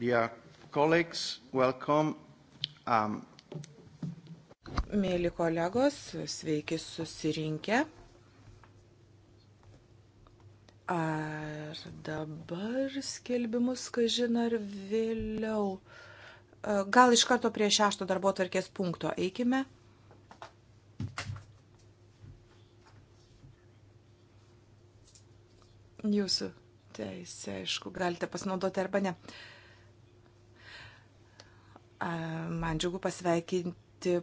Dear colleagues, welcome. Um, Mėly kolegos, sveiki susirinkę. Ar dabar skelbimus, kai žinai, ar vėliau? E, gal iš karto prie šešto darbo tvarkės punkto eikime. Jūsų teisė, aišku, galite pasinaudoti arba ne. Uh, Man džiugu pasveikinti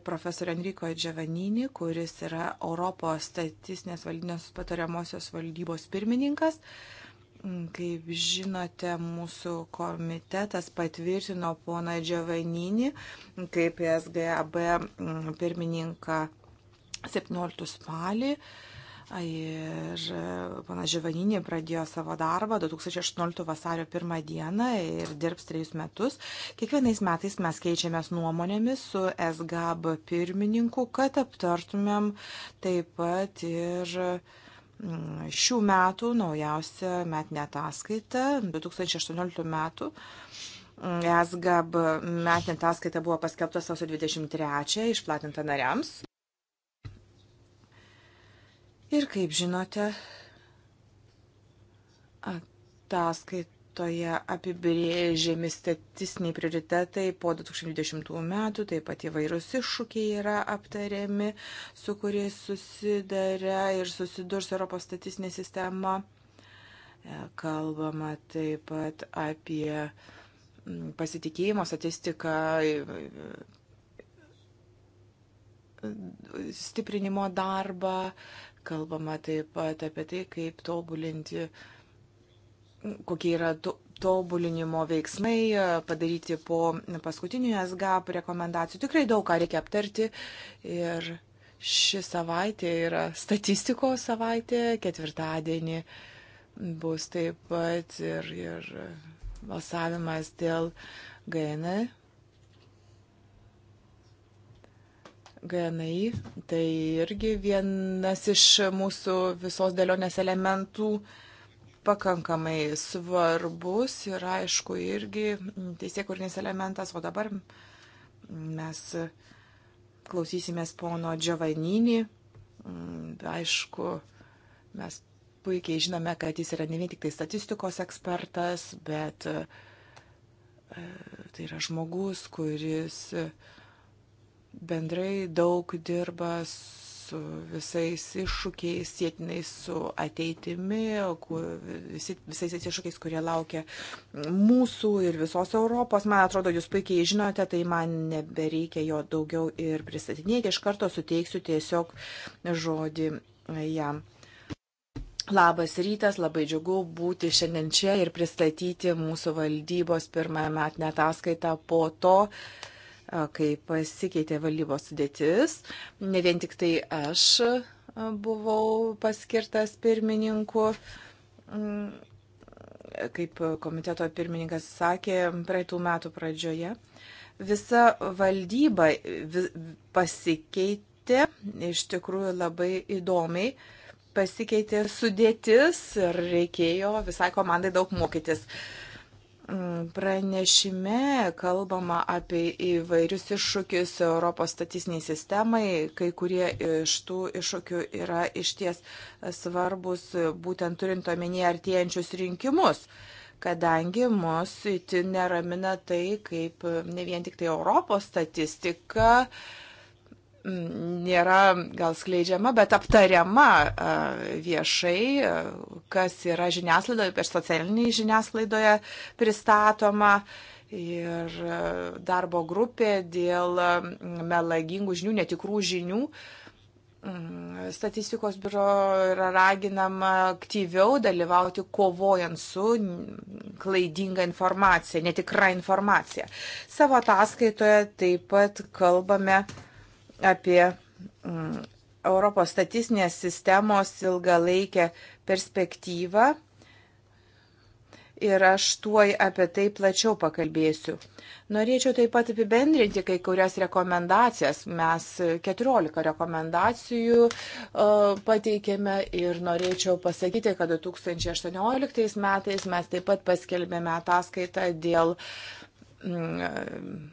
profesorių Enriko Džiavaninį, kuris yra Europos statistinės valdinės patariamosios valdybos pirmininkas. Mm, kaip žinote, mūsų komitetas patvirtino poną Džiavaninį kaip SGAB mm, pirmininką 17 spalį. Ir pana Živaninė pradėjo savo darbą 2018 vasario 1 dieną ir dirbs trejus metus. Kiekvienais metais mes keičiamės nuomonėmis su SGAB pirmininku, kad aptartumėm taip pat ir mm, šių metų naujausią metinę ataskaitą 2018 metų. Mm, SGAB metinė ataskaita buvo paskelbta sausio 23, išplatinta nariams. Ir kaip žinote, ataskaitoje apibrėžiami statistiniai prioritetai po 2020 metų, taip pat įvairūs iššūkiai yra aptariami, su kuriais susidarė ir susidurs Europos statistinė sistema. E, kalbama taip pat apie pasitikėjimo statistiką stiprinimo darbą, Kalbama taip pat apie tai, kaip tobulinti, kokie yra to, tobulinimo veiksmai padaryti po paskutinių SGAP rekomendacijų. Tikrai daug ką reikia aptarti ir ši savaitė yra statistikos savaitė, ketvirtadienį bus taip pat ir, ir balsavimas dėl GN e. GNI, tai irgi vienas iš mūsų visos dėlionės elementų pakankamai svarbus ir aišku irgi teisėkurnis elementas, o dabar mes klausysimės pono Džavaninį. Mm, aišku, mes puikiai žinome, kad jis yra ne vien tik tai statistikos ekspertas, bet e, tai yra žmogus, kuris uh, bendrai daug dirba su visais iššūkiais, sėtinais su ateitimi, visi, visais iššūkiais, kurie laukia mūsų ir visos Europos. Man atrodo, jūs puikiai žinote, tai man nebereikia jo daugiau ir pristatinėti. Iš karto suteiksiu tiesiog žodį jam. Labas rytas, labai džiugu būti šiandien čia ir pristatyti mūsų valdybos pirmąją metinę ataskaitą po to, uh, kai pasikeitė valdybos sudėtis. Ne vien tik tai aš buvau paskirtas pirmininku. Mm, kaip komiteto pirmininkas sakė praeitų metų pradžioje, visa valdyba pasikeitė iš tikrųjų labai įdomiai pasikeitė sudėtis ir reikėjo visai komandai daug mokytis. Uh, Pranešime kalbama apie įvairius iššūkius Europos statistiniai sistemai, kai kurie iš tų iššūkių yra išties svarbus, būtent turint omenyje artėjančius rinkimus, kadangi mus itin neramina tai, kaip ne vien tik tai Europos statistika, uh, nėra gal skleidžiama, bet aptariama viešai, kas yra žiniaslaidoje, per socialinį žiniaslaidoje pristatoma. Ir darbo grupė dėl melagingų žinių, netikrų žinių. Mm, statistikos biuro yra raginama aktyviau dalyvauti kovojant su klaidinga informacija, netikra informacija. Savo ataskaitoje taip pat kalbame apie mm, Europos statistinės sistemos ilgalaikę perspektyvą ir aš tuoj apie tai plačiau pakalbėsiu. Norėčiau taip pat apibendrinti kai kurias rekomendacijas. Mes 14 rekomendacijų e, pateikėme ir norėčiau pasakyti, kad 2018 metais mes taip pat paskelbėme ataskaitą dėl mm,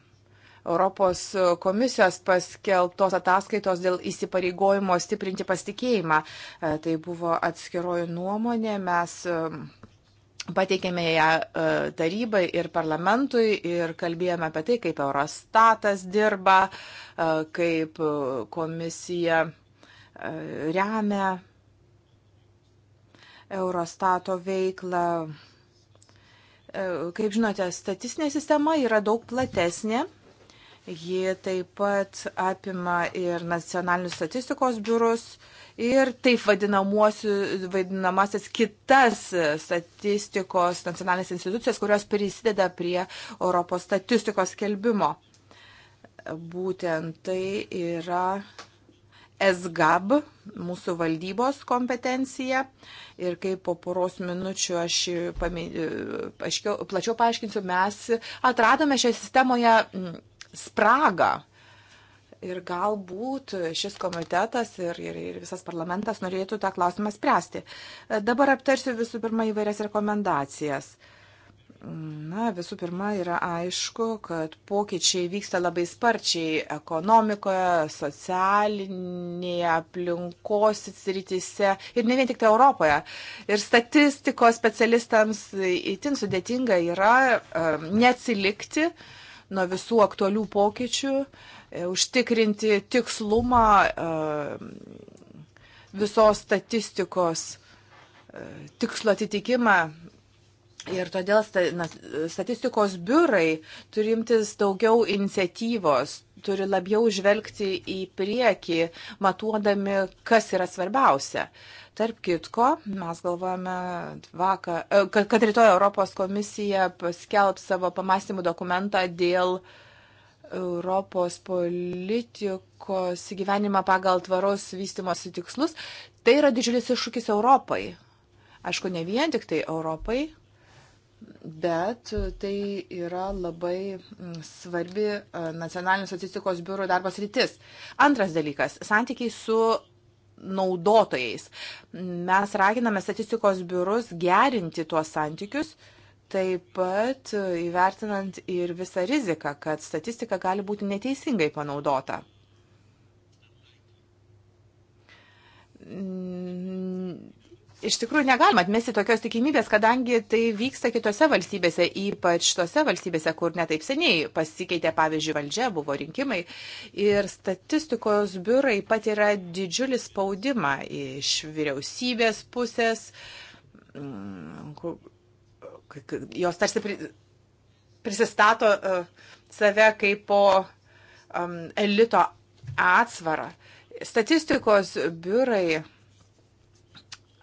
Europos komisijos paskeltos ataskaitos dėl įsipareigojimo stiprinti pasitikėjimą. E, tai buvo atskiroji nuomonė. Mes e, pateikėme ją e, tarybai ir parlamentui ir kalbėjome apie tai, kaip Eurostatas dirba, kaip komisija remia Eurostato veiklą. Kaip žinote, statistinė sistema yra daug platesnė Ji taip pat apima ir nacionalinius statistikos biurus ir taip vadinamasis kitas statistikos nacionalinės institucijas, kurios prisideda prie Europos statistikos kelbimo. Būtent tai yra SGAB, mūsų valdybos kompetencija. Ir kaip po poros minučių aš pamė, paaiškiau, plačiau paaiškinsiu, mes atradome šią sistemoje spragą. Ir galbūt šis komitetas ir, ir, ir visas parlamentas norėtų tą klausimą spręsti. Dabar aptarsiu visų pirma įvairias rekomendacijas. Na, visų pirma, yra aišku, kad pokyčiai vyksta labai sparčiai ekonomikoje, socialinėje, aplinkos sritise ir ne vien tik tai Europoje. Ir statistikos specialistams itin sudėtinga yra um, neatsilikti. Uh, nuo visų aktualių pokyčių, e, užtikrinti tikslumą e, visos statistikos e, tikslo atitikimą Ir todėl statistikos biurai turi imtis daugiau iniciatyvos, turi labiau žvelgti į priekį, matuodami, kas yra svarbiausia. Tarp kitko, mes galvojame, vakar, e, kad rytoj Europos komisija paskelb savo pamastymų dokumentą dėl Europos politikos gyvenimą pagal tvaros vystimosi tikslus. Tai yra didžiulis iššūkis Europai. Aišku, ne vien tik tai Europai, bet tai yra labai mm, svarbi e, nacionalinio statistikos biuro darbas rytis. Antras dalykas - santykiai su naudotojais. Mes raginame statistikos biurus gerinti tuos santykius, taip pat e, įvertinant ir visą riziką, kad statistika gali būti neteisingai panaudota iš tikrųjų negalima atmesti tokios tikimybės, kadangi tai vyksta kitose valstybėse, ypač tose valstybėse, kur netaip seniai pasikeitė, pavyzdžiui, valdžia, buvo rinkimai. Ir statistikos biurai pat yra didžiulį spaudimą iš vyriausybės pusės. Mm, jos tarsi prisistato e, save kaip po elito atsvarą. Statistikos biurai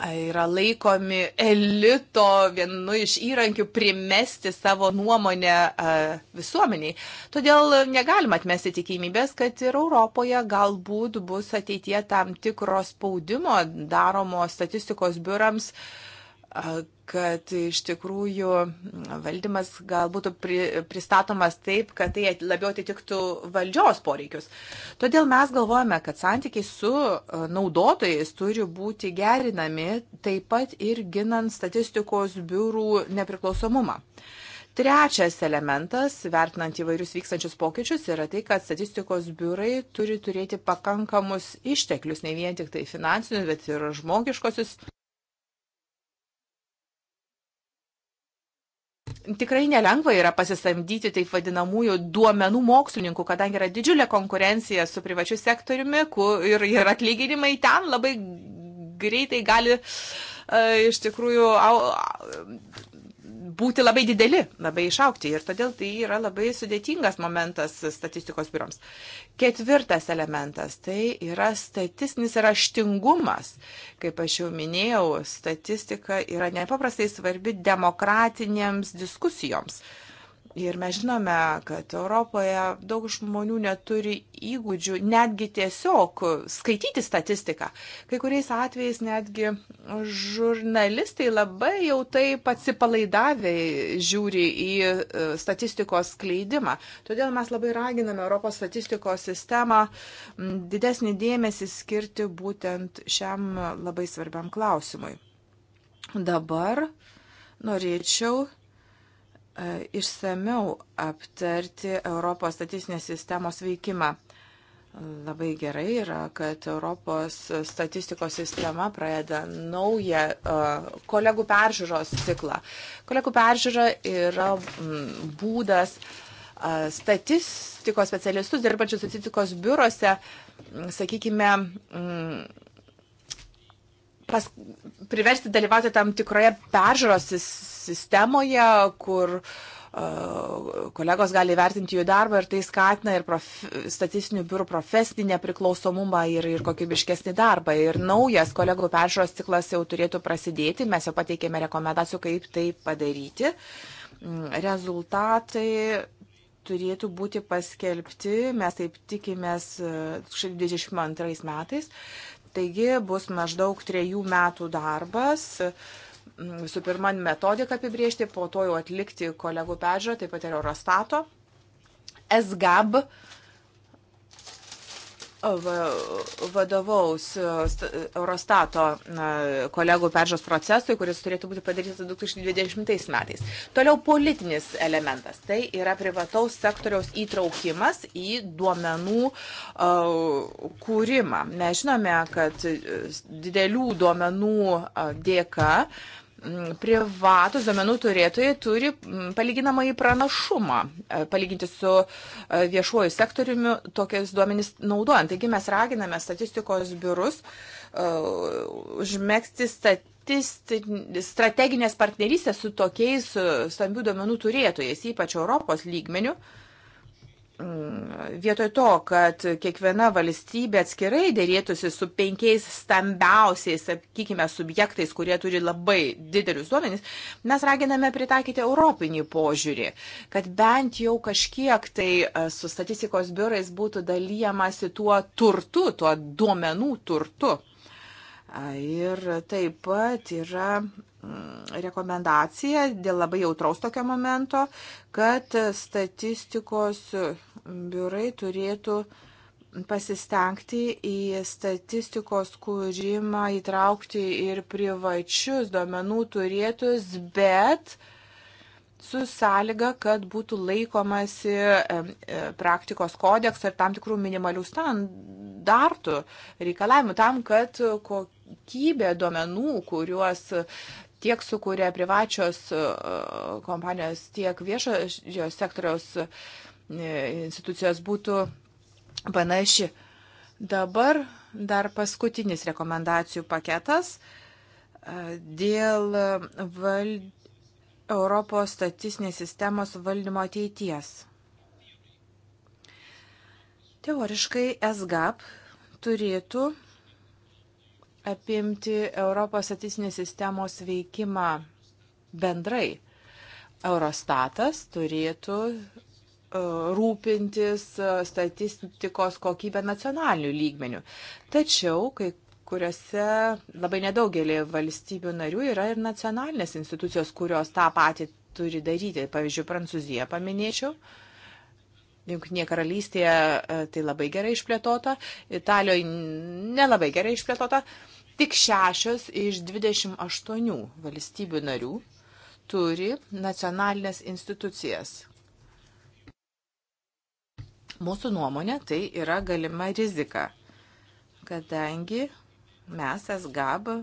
yra laikomi elito vienu iš įrankių primesti savo nuomonę visuomeniai. Todėl negalima atmesti tikimybės, kad ir Europoje galbūt bus ateitie tam tikros spaudimo daromo statistikos biurams uh, kad iš tikrųjų valdymas gal būtų pri, pristatomas taip, kad tai labiau atitiktų valdžios poreikius. Todėl mes galvojame, kad santykiai su naudotojais turi būti gerinami taip pat ir ginant statistikos biurų nepriklausomumą. Trečias elementas, vertinant įvairius vykstančius pokyčius, yra tai, kad statistikos biurai turi turėti pakankamus išteklius, ne vien tik tai finansinius, bet ir žmogiškosius tikrai nelengva yra pasisamdyti taip vadinamųjų duomenų mokslininkų, kadangi yra didžiulė konkurencija su privačiu sektoriumi kur, ir, ir atlyginimai ten labai greitai gali e, iš tikrųjų au, būti labai dideli, labai išaukti. Ir todėl tai yra labai sudėtingas momentas statistikos biuroms. Ketvirtas elementas - tai yra statistinis raštingumas. Kaip aš jau minėjau, statistika yra nepaprastai svarbi demokratinėms diskusijoms. Uh, Ir mes žinome, kad Europoje daug žmonių neturi įgūdžių netgi tiesiog skaityti statistiką. Kai kuriais atvejais netgi žurnalistai labai jau taip atsipalaidavę žiūri į e, statistikos skleidimą. Todėl mes labai raginame Europos statistikos sistemą didesnį dėmesį skirti būtent šiam labai svarbiam klausimui. Dabar norėčiau E, išsamiau aptarti Europos statistinės sistemos veikimą. Labai gerai yra, kad Europos statistikos sistema pradeda naują e, kolegų peržiūros ciklą. Kolegų peržiūra yra mm, būdas e, statistikos specialistus dirbančius statistikos biurose, sakykime, mm, pas, priversti dalyvauti tam tikroje peržiūros sistemoje, kur uh, kolegos gali vertinti jų darbą ir tai skatina ir prof, statistinių biurų profesinį nepriklausomumą ir, ir kokybiškesnį darbą. Ir naujas kolegų peržiūros ciklas jau turėtų prasidėti, mes jau pateikėme rekomendacijų, kaip tai padaryti. Mm, rezultatai turėtų būti paskelbti, mes taip tikimės, 2022 e, metais. Taigi bus maždaug trejų metų darbas. Visų pirma, metodiką apibriežti, po to jau atlikti kolegų peržiūrą, taip pat ir Eurostato. SGAB vadovaus e, Eurostato kolegų peržos procesui, kuris turėtų būti padarytas 2020 metais. Toliau politinis elementas. Tai yra privataus sektoriaus įtraukimas į duomenų e, kūrimą. Mes žinome, kad e, didelių duomenų dėka privatus domenų turėtojai turi palyginamą į pranašumą, e, palyginti su e, viešuoju sektoriumi tokias duomenys naudojant. Taigi mes raginame statistikos biurus e, užmėgsti statistiką strateginės partnerystės su tokiais stambių duomenų turėtojais, ypač Europos lygmenių, uh, Mm, vietoj to, kad kiekviena valstybė atskirai dėrėtųsi su penkiais stambiausiais, sakykime, subjektais, kurie turi labai didelius duomenys, mes raginame pritaikyti europinį požiūrį, kad bent jau kažkiek tai e, su statistikos biurais būtų dalyjamasi tuo turtu, tuo duomenų turtu. Ir taip pat yra rekomendacija dėl labai jautraus tokio momento, kad statistikos biurai turėtų pasistengti į statistikos kūrimą įtraukti ir privačius duomenų turėtus, bet su sąlyga, kad būtų laikomasi e, praktikos kodekso ir tam tikrų minimalių standartų reikalavimų tam, kad kokybė duomenų, kuriuos tiek sukuria privačios e, kompanijos, tiek viešojo sektoriaus e, institucijos būtų panaši. Dabar dar paskutinis rekomendacijų paketas e, dėl val... Europos statistinės sistemos valdymo ateities. Teoriškai SGAP turėtų apimti Europos statistinės sistemos veikimą bendrai. Eurostatas turėtų e, rūpintis e, statistikos kokybę nacionalinių lygmenių. Tačiau, kai kuriuose labai nedaugelį valstybių narių yra ir nacionalinės institucijos, kurios tą patį turi daryti. Pavyzdžiui, Prancūziją paminėčiau. Junknie karalystėje tai labai gerai išplėtota, Italijoje nelabai gerai išplėtota. Uh, Tik šešios iš 28 valstybių narių turi nacionalinės institucijas. Mūsų nuomonė tai yra galima rizika, kadangi mes, SGAB,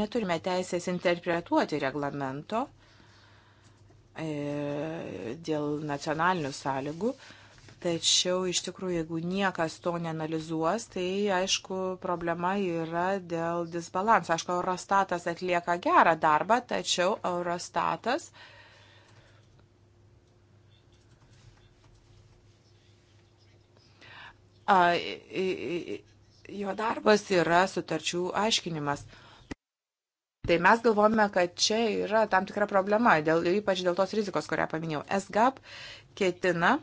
neturime teisės interpretuoti reglamento e, dėl nacionalinių sąlygų, Tačiau iš tikrųjų, jeigu niekas to neanalizuos, tai aišku, problema yra dėl disbalanso. Aišku, Eurostatas atlieka gerą darbą, tačiau Eurostatas. A, jo darbas yra sutarčių aiškinimas. Tai mes galvojame, kad čia yra tam tikra problema, dėl, ypač dėl tos rizikos, kurią paminėjau. SGAP ketina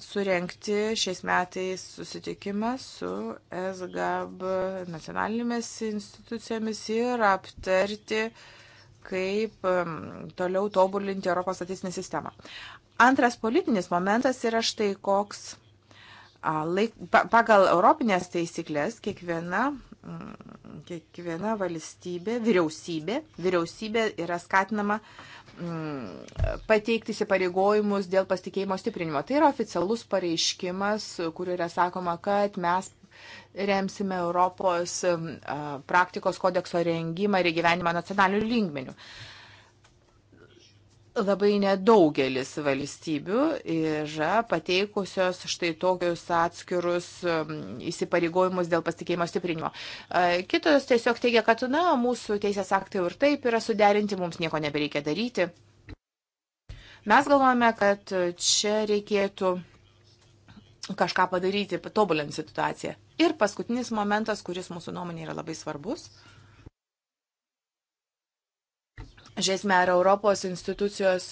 surenkti šiais metais susitikimą su SGAB nacionalinėmis institucijomis ir aptarti, kaip um, toliau tobulinti Europos statistinę sistemą. Antras politinis momentas yra štai koks. Laik, pagal Europinės taisyklės kiekviena Mm, kiekviena valstybė, vyriausybė, vyriausybė yra skatinama mm, pateikti įsipareigojimus dėl pasitikėjimo stiprinimo. Tai yra oficialus pareiškimas, kur yra sakoma, kad mes remsime Europos mm, praktikos kodekso rengimą ir įgyvenimą nacionalinių lygmenių labai nedaugelis valstybių yra pateikusios štai tokius atskirus um, įsipareigojimus dėl pasitikėjimo stiprinimo. Kitos tiesiog teigia, kad na, mūsų teisės aktai ir taip yra suderinti, mums nieko nebereikia daryti. Mes galvojame, kad čia reikėtų kažką padaryti, patobulinti situaciją. Ir paskutinis momentas, kuris mūsų nuomonė yra labai svarbus. Uh, Žiūrėsime, ar Europos institucijos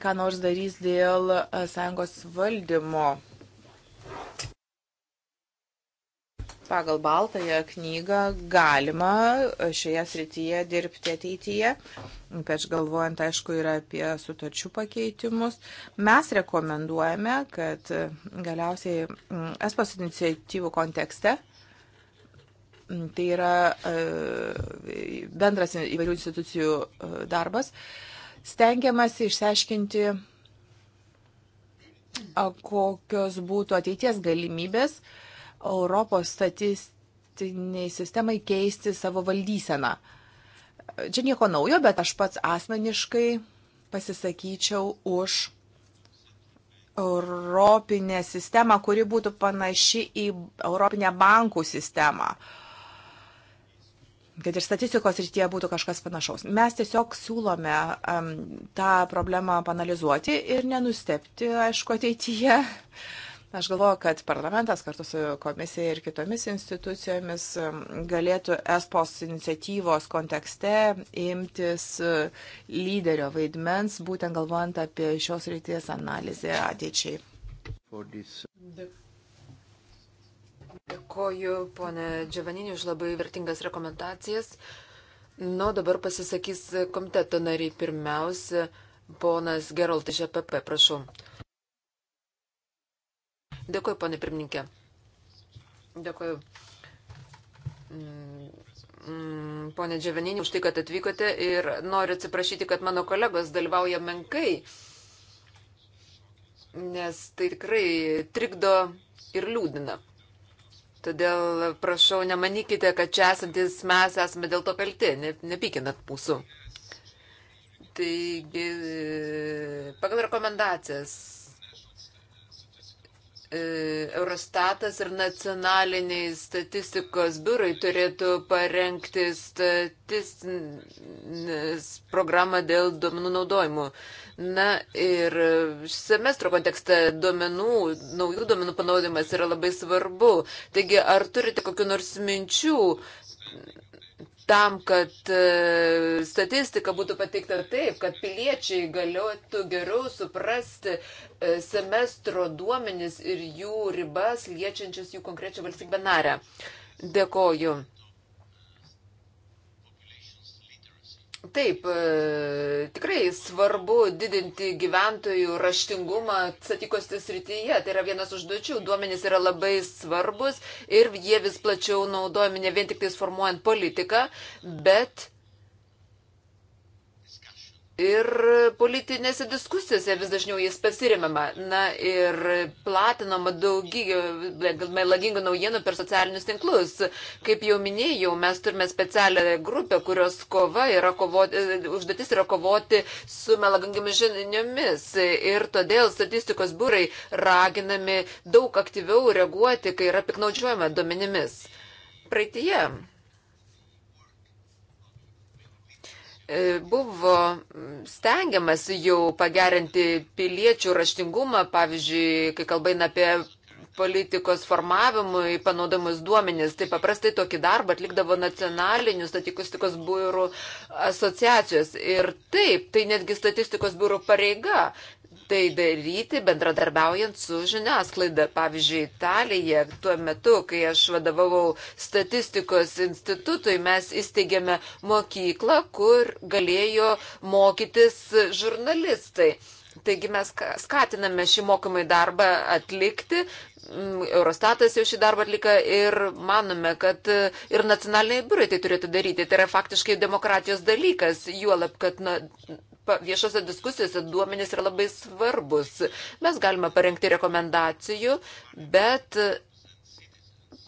ką nors darys dėl e, sąjungos valdymo. Pagal baltąją knygą galima e, šioje srityje dirbti ateityje, ypač galvojant, aišku, ir apie sutarčių pakeitimus. Mes rekomenduojame, kad e, galiausiai mm, ESPAS iniciatyvų kontekste Tai yra e, bendras įvairių institucijų e, darbas. Stengiamasi išsiaiškinti, kokios būtų ateities galimybės Europos statistiniai sistemai keisti savo valdyseną. Čia nieko naujo, bet aš pats asmeniškai pasisakyčiau už europinę sistemą, kuri būtų panaši į europinę bankų sistemą. Uh, kad ir statistikos rytyje būtų kažkas panašaus. Mes tiesiog siūlome um, tą problemą panalizuoti ir nenustepti, aišku, ateityje. Aš galvoju, kad parlamentas kartu su komisija ir kitomis institucijomis galėtų ESPOS iniciatyvos kontekste imtis e, lyderio vaidmens, būtent galvojant apie šios ryties analizę ateičiai. Dėkui. Dėkoju, ponė Džiavaninė, už labai vertingas rekomendacijas. Nu, dabar pasisakys komiteto nariai. Pirmiausia, ponas Gerolt iš EPP, prašau. Dėkoju, ponė pirmininkė. Dėkoju. Mm, mm, Pone Džiavaninė, už tai, kad atvykote ir noriu atsiprašyti, kad mano kolegos dalyvauja menkai, nes tai tikrai trikdo ir liūdina. Todėl prašau, nemanykite, kad čia esantis mes esame dėl to kalti, ne, nepykinat mūsų. Taigi, pagal rekomendacijas E, Eurostatas ir nacionaliniai statistikos biurai turėtų parengti statistinės programą dėl duomenų naudojimų. Na ir semestro kontekste duomenų, naujų duomenų panaudimas yra labai svarbu. Taigi, ar turite kokiu nors minčių tam, kad e, statistika būtų pateikta taip, kad piliečiai galėtų geriau suprasti e, semestro duomenis ir jų ribas liečiančias jų konkrečią valstybę narę. Dėkoju. Taip, e, tikrai svarbu didinti gyventojų raštingumą statikostis rytyje. Tai yra vienas užduočių. Duomenys yra labai svarbus ir jie vis plačiau naudojami ne vien tik tais formuojant politiką, bet Ir politinėse diskusijose vis dažniau jis pasirimama. Na ir platinama daugybė melagingų naujienų per socialinius tinklus. Kaip jau minėjau, mes turime specialią grupę, kurios kova yra kovoti, užduotis yra kovoti su melagingomis žiniomis. Ir todėl statistikos biurai raginami daug aktyviau reaguoti, kai yra piknaudžiuojama duomenimis. Praeitie. Yeah E, buvo stengiamas jau pagerinti piliečių raštingumą, pavyzdžiui, kai kalba eina apie politikos formavimui panaudomus duomenis. Tai paprastai tokį darbą atlikdavo nacionalinių statistikos biurų asociacijos. Ir taip, tai netgi statistikos biurų pareiga. Tai daryti bendradarbiaujant su žiniasklaida. Pavyzdžiui, Italija, tuo metu, kai aš vadovavau statistikos institutui, mes įsteigėme mokyklą, kur galėjo mokytis žurnalistai. Taigi mes skatiname šį mokomai darbą atlikti. Mm, Eurostatas jau šį darbą atlika ir manome, kad e, ir nacionaliniai biurai tai turėtų daryti. Tai yra faktiškai demokratijos dalykas, juolab, kad na, viešose diskusijose duomenys yra labai svarbus. Mes galime parengti rekomendacijų, bet,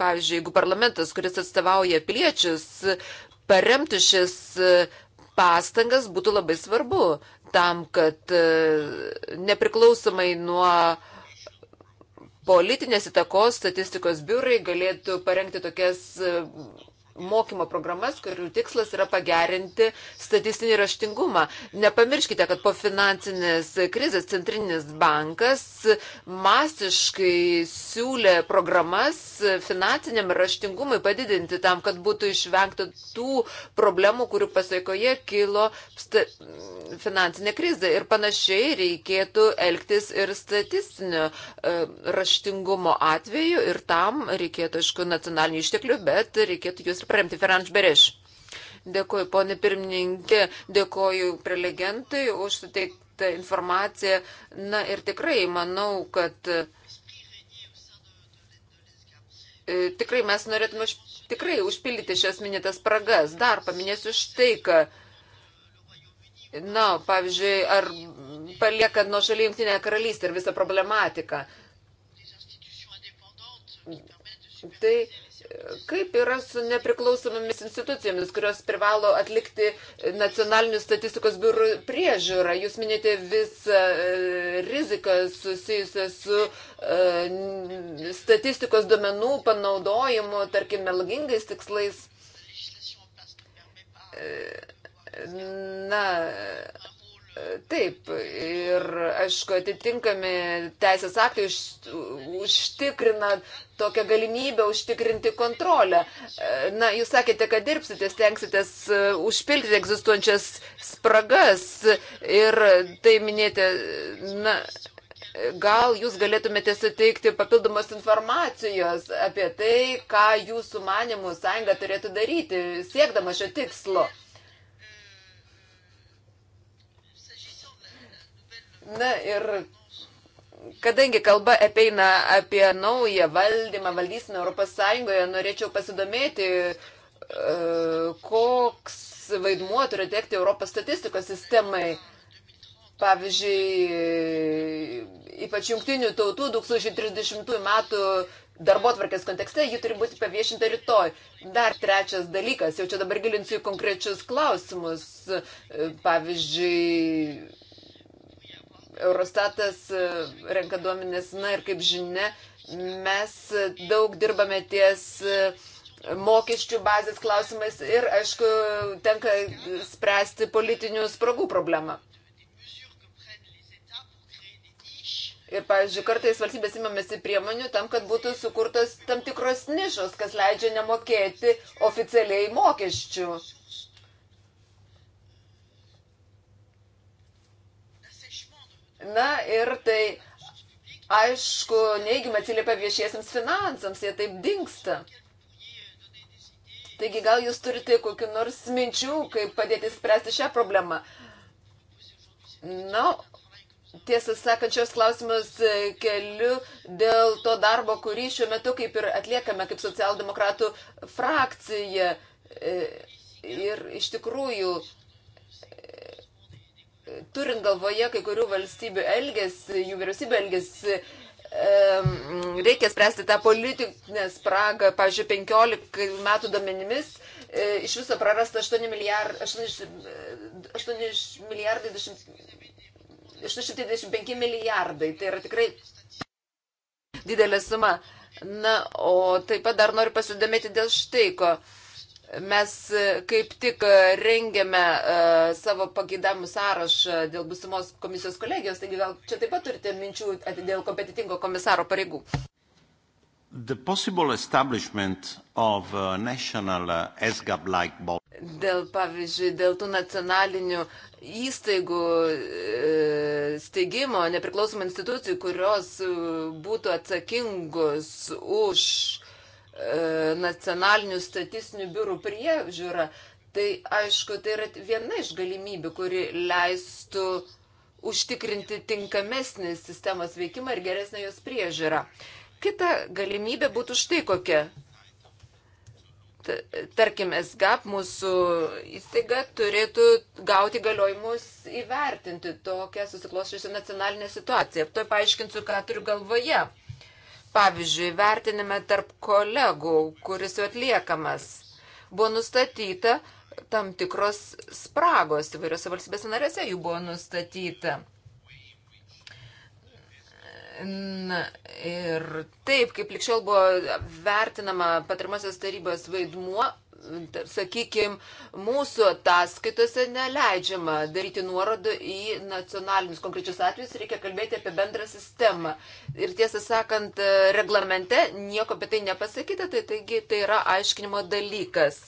pavyzdžiui, jeigu parlamentas, kuris atstovauja piliečius, paremtų šis e, pastangas, būtų labai svarbu tam, kad e, nepriklausomai nuo politinės įtakos statistikos biurai galėtų parengti tokias e, mokymo programas, kurių tikslas yra pagerinti statistinį raštingumą. Nepamirškite, kad po finansinės krizės centrinis bankas masiškai siūlė programas finansiniam raštingumui padidinti tam, kad būtų išvengta tų problemų, kurių pasiekoje kilo finansinė krizė. Ir panašiai reikėtų elgtis ir statistinio e, raštingumo atveju ir tam reikėtų, aišku, nacionalinių išteklių, bet reikėtų juos paremti Feranč Bereš. Dėkuoju, ponė pirmininkė, dėkuoju prelegentui už suteiktą informaciją. Na ir tikrai manau, kad e, tikrai mes norėtume tikrai užpildyti šias minėtas spragas. Dar paminėsiu štai, kad, na, pavyzdžiui, ar paliekant nuo šalia Junktinę karalystę ir visą problematiką. Tai Kaip yra su nepriklausomomis institucijomis, kurios privalo atlikti nacionalinių statistikos biurų priežiūrą? Jūs minėjote visą e, riziką susijusią su uh, statistikos duomenų panaudojimu, tarkim, melagingais tikslais. E, na, Taip, ir aišku, atitinkami teisės aktai už, užtikrina tokią galimybę užtikrinti kontrolę. Na, jūs sakėte, kad dirbsite, stengsitės e, užpildyti egzistuojančias spragas ir tai minėti, na, gal jūs galėtumėte suteikti papildomos informacijos apie tai, ką jūsų manimų sąjunga turėtų daryti, siekdama šio tikslo. Na ir kadangi kalba apeina apie naują valdymą, valdysimą Europos Sąjungoje, norėčiau pasidomėti, e, koks vaidmuo turi tekti Europos statistikos sistemai. Pavyzdžiui, ypač jungtinių tautų 2030 metų darbo tvarkės kontekste, ji turi būti paviešinta rytoj. Dar trečias dalykas, jau čia dabar gilinsiu į konkrečius klausimus. E, pavyzdžiui, Eurostatas e, renka duomenis, na ir kaip žinia, mes daug dirbame ties e, mokesčių bazės klausimais ir, aišku, tenka spręsti politinių spragų problemą. Ir, pavyzdžiui, kartais valstybės imamėsi priemonių tam, kad būtų sukurtos tam tikros nišos, kas leidžia nemokėti oficialiai mokesčių. Na ir tai, aišku, neigiamai atsiliepia viešiesiams finansams, jie taip dinksta. Taigi gal jūs turite kokiu nors minčių, kaip padėti spręsti šią problemą. Na, tiesą sakant, šios klausimus keliu dėl to darbo, kurį šiuo metu kaip ir atliekame kaip socialdemokratų frakcija. E, ir iš tikrųjų turint galvoje kai kurių valstybių elgesį, jų vyriausybė elgesį, reikia spręsti tą politinę spragą. Pavyzdžiui, 15 metų domenimis e, iš viso prarasta 8 milijardai 8 milijardai 825 milijardai. Tai yra tikrai didelė suma. Na, o taip pat dar noriu pasidomėti dėl štai ko. Mes e, kaip tik e, rengiame uh, e, savo pagėdamų sąrašą dėl būsimos komisijos kolegijos, taigi gal čia taip pat turite minčių dėl kompetitingo komisaro pareigų. Of, uh, national, uh, -like dėl, pavyzdžiui, dėl tų nacionalinių įstaigų e, steigimo, nepriklausomų institucijų, kurios būtų atsakingos už E, nacionalinių statistinių biurų priežiūra, tai aišku, tai yra viena iš galimybių, kuri leistų užtikrinti tinkamesnį sistemos veikimą ir geresnę jos priežiūrą. Kita galimybė būtų štai kokia. Tarkim, SGAP mūsų įstaiga turėtų gauti galiojimus įvertinti tokią susiklošusią nacionalinę situaciją. Tuo paaiškinsiu, ką turiu galvoje. Pavyzdžiui, vertinime tarp kolegų, kuris jau atliekamas, buvo nustatyta tam tikros spragos įvairiose valstybės narėse jų buvo nustatyta. Na, ir taip, kaip likščiau buvo vertinama patrimosios tarybos vaidmuo, sakykime, mūsų ataskaitose neleidžiama daryti nuorodų į nacionalinius konkrečius atvejus, reikia kalbėti apie bendrą sistemą. Ir tiesą sakant, reglamente nieko apie tai nepasakyta, tai taigi tai yra aiškinimo dalykas.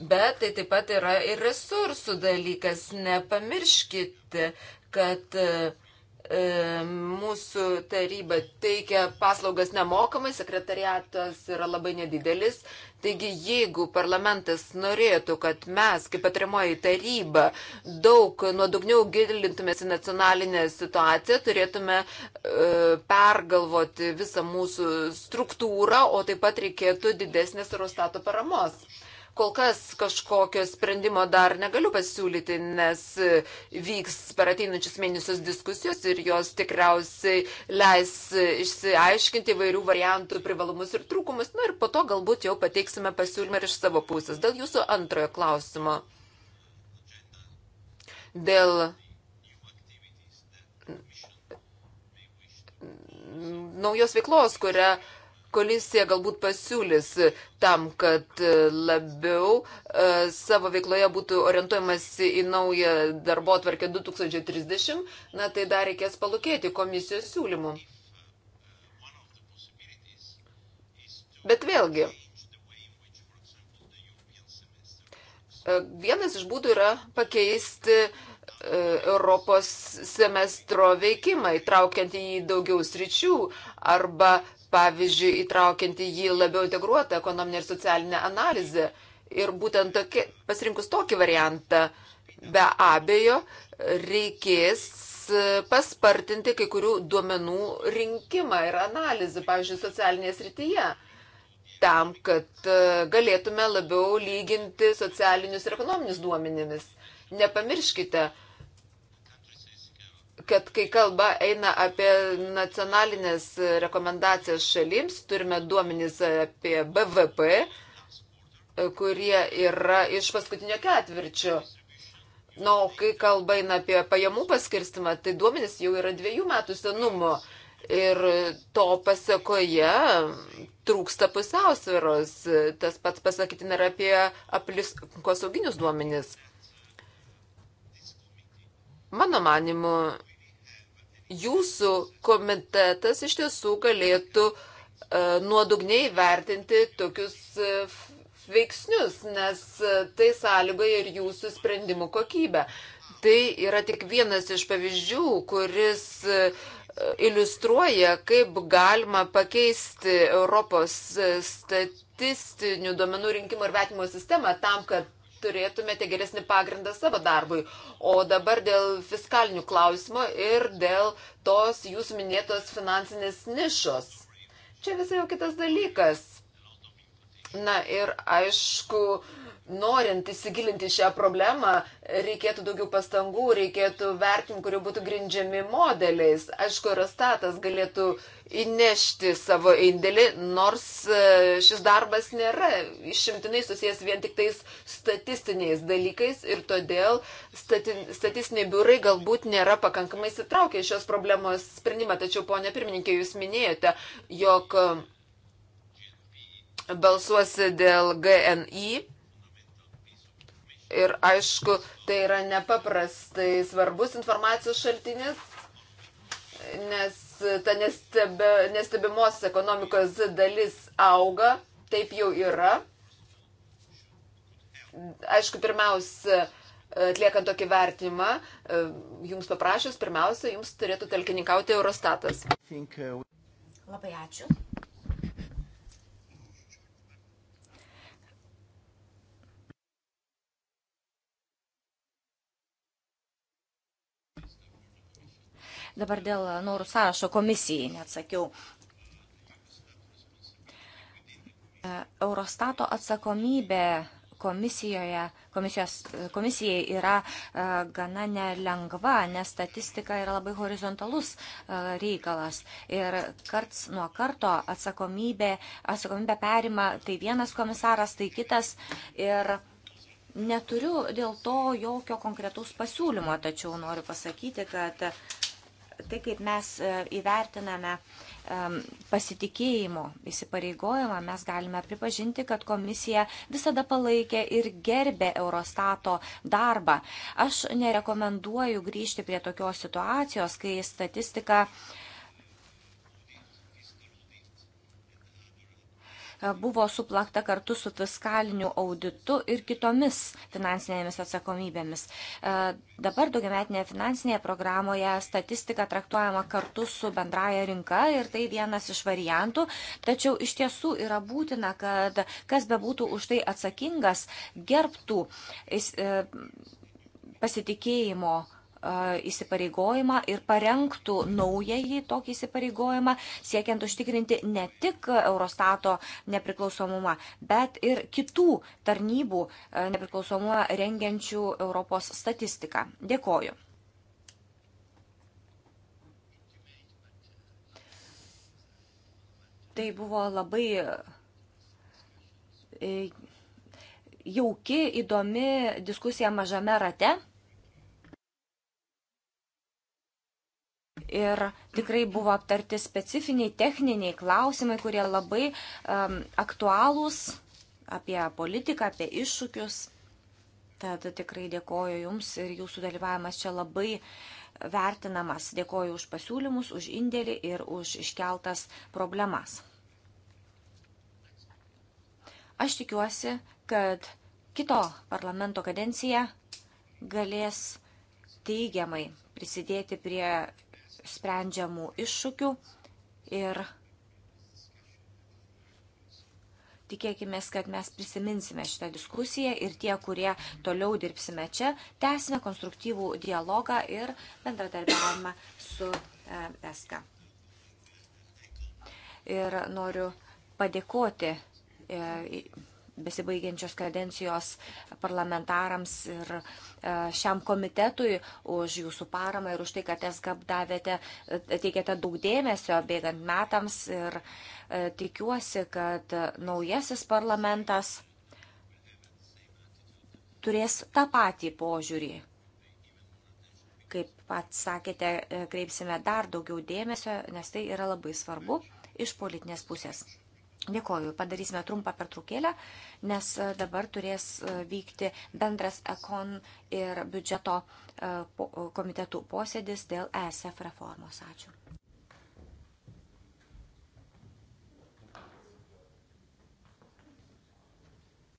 Bet tai taip pat yra ir resursų dalykas. Nepamirškite, kad e, e, mūsų taryba teikia paslaugas nemokamai, sekretariatas yra labai nedidelis, Taigi, jeigu parlamentas norėtų, kad mes, kaip atrimoji taryba, daug nuodugniau gilintumės į nacionalinę situaciją, turėtume e, pergalvoti visą mūsų struktūrą, o taip pat reikėtų didesnės Eurostato paramos. Kol kas kažkokio sprendimo dar negaliu pasiūlyti, nes vyks per ateinančius mėnesius diskusijos ir jos tikriausiai leis išsiaiškinti vairių variantų privalumus ir trūkumus. Na ir po to galbūt jau pateiksime pasiūlymą ir iš savo pusės. Dėl jūsų antrojo klausimo. Dėl naujos veiklos, kurią komisija galbūt pasiūlys tam, kad e, labiau e, savo veikloje būtų orientuojamas į naują darbo atvarkę 2030, na tai dar reikės palūkėti komisijos siūlymų. Bet vėlgi, e, vienas iš būdų yra pakeisti Europos semestro veikimą, įtraukiant į jį daugiau sričių arba pavyzdžiui, įtraukianti jį labiau integruotą ekonominę ir socialinę analizę. Ir būtent tokie, pasirinkus tokį variantą, be abejo, reikės paspartinti kai kurių duomenų rinkimą ir analizę, pavyzdžiui, socialinėje srityje, tam, kad e, galėtume labiau lyginti socialinius ir ekonominius duomenimis. Nepamirškite, kad kai kalba eina apie nacionalinės rekomendacijas šalims, turime duomenys apie BVP, kurie yra iš paskutinio ketvirčio. Na, nu, kai kalba eina apie pajamų paskirstimą, tai duomenys jau yra dviejų metų senumo. Ir to pasakoje trūksta pusiausviros. Tas pats pasakytina yra apie aplinkosauginius duomenis. Mano manimu, jūsų komitetas iš tiesų galėtų e, nuodugniai vertinti tokius e, veiksnius, nes e, tai sąlygoja ir jūsų sprendimų kokybę. Tai yra tik vienas iš pavyzdžių, kuris iliustruoja, kaip galima pakeisti Europos statistinių duomenų rinkimo ir vertimo sistemą tam, kad turėtumėte geresnį pagrindą savo darbui. O dabar dėl fiskalinių klausimų ir dėl tos jūsų minėtos finansinės nišos. Čia visai jau kitas dalykas. Na ir aišku, uh, norint įsigilinti šią problemą, reikėtų daugiau pastangų, reikėtų vertinimų, kurie būtų grindžiami modeliais. Aišku, Eurostatas galėtų įnešti savo indėlį, nors e, šis darbas nėra išimtinai susijęs vien tik tais statistiniais dalykais ir todėl stati, statistiniai biurai galbūt nėra pakankamai sitraukę šios problemos sprendimą. Tačiau, ponė pirmininkė, jūs minėjote, jog e, balsuosi dėl GNI Ir aišku, tai yra nepaprastai svarbus informacijos šaltinis, nes ta nestebe, nestebimos ekonomikos dalis auga, taip jau yra. Aišku, pirmiausia, atliekant tokį vertinimą, jums paprašęs, pirmiausia, jums turėtų telkininkauti Eurostatas. Labai ačiū. Dabar dėl norų sąrašo komisijai neatsakiau. E, Eurostato atsakomybė komisijoje, komisijos, e, komisijai yra e, gana nelengva, nes statistika yra labai horizontalus e, reikalas. Ir karts nuo karto atsakomybė, atsakomybė perima tai vienas komisaras, tai kitas. Ir neturiu dėl to jokio konkretaus pasiūlymo, tačiau noriu pasakyti, kad tai, kaip mes e, įvertiname pasitikėjimo įsipareigojimą, mes galime pripažinti, kad komisija visada palaikė ir gerbė Eurostato darbą. Aš nerekomenduoju grįžti prie tokios situacijos, kai statistika uh, buvo suplakta kartu su fiskaliniu auditu ir kitomis finansinėmis atsakomybėmis. E, dabar daugiametinėje finansinėje programoje statistika traktuojama kartu su bendraja rinka ir tai vienas iš variantų, tačiau iš tiesų yra būtina, kad kas bebūtų už tai atsakingas, gerbtų e, pasitikėjimo uh, įsipareigojimą ir parengtų naująjį tokį įsipareigojimą, siekiant užtikrinti ne tik Eurostato nepriklausomumą, bet ir kitų tarnybų nepriklausomumą rengiančių Europos statistiką. Dėkoju. Tai buvo labai e, jauki, įdomi diskusija mažame rate. ir tikrai buvo aptarti specifiniai techniniai klausimai, kurie labai um, aktualūs apie politiką, apie iššūkius. Tad tikrai dėkoju Jums ir Jūsų dalyvavimas čia labai vertinamas. Dėkoju už pasiūlymus, už indėlį ir už iškeltas problemas. Aš tikiuosi, kad kito parlamento kadencija galės teigiamai prisidėti prie sprendžiamų iššūkių ir tikėkime, kad mes prisiminsime šitą diskusiją ir tie, kurie toliau dirbsime čia, tęsime konstruktyvų dialogą ir bendradarbiavimą su e, ESKA. Ir noriu padėkoti e, besibaigiančios kadencijos parlamentarams ir e, šiam komitetui už jūsų paramą ir už tai, kad SGAP davėte, e, teikėte daug dėmesio bėgant metams ir e, tikiuosi, kad naujasis parlamentas turės tą patį požiūrį kaip pat sakėte, kreipsime dar daugiau dėmesio, nes tai yra labai svarbu iš politinės pusės. Dėkoju, padarysime trumpą pertraukėlę, nes e, dabar turės e, vykti bendras ekon ir biudžeto e, komitetų posėdis dėl ESF reformos. Ačiū.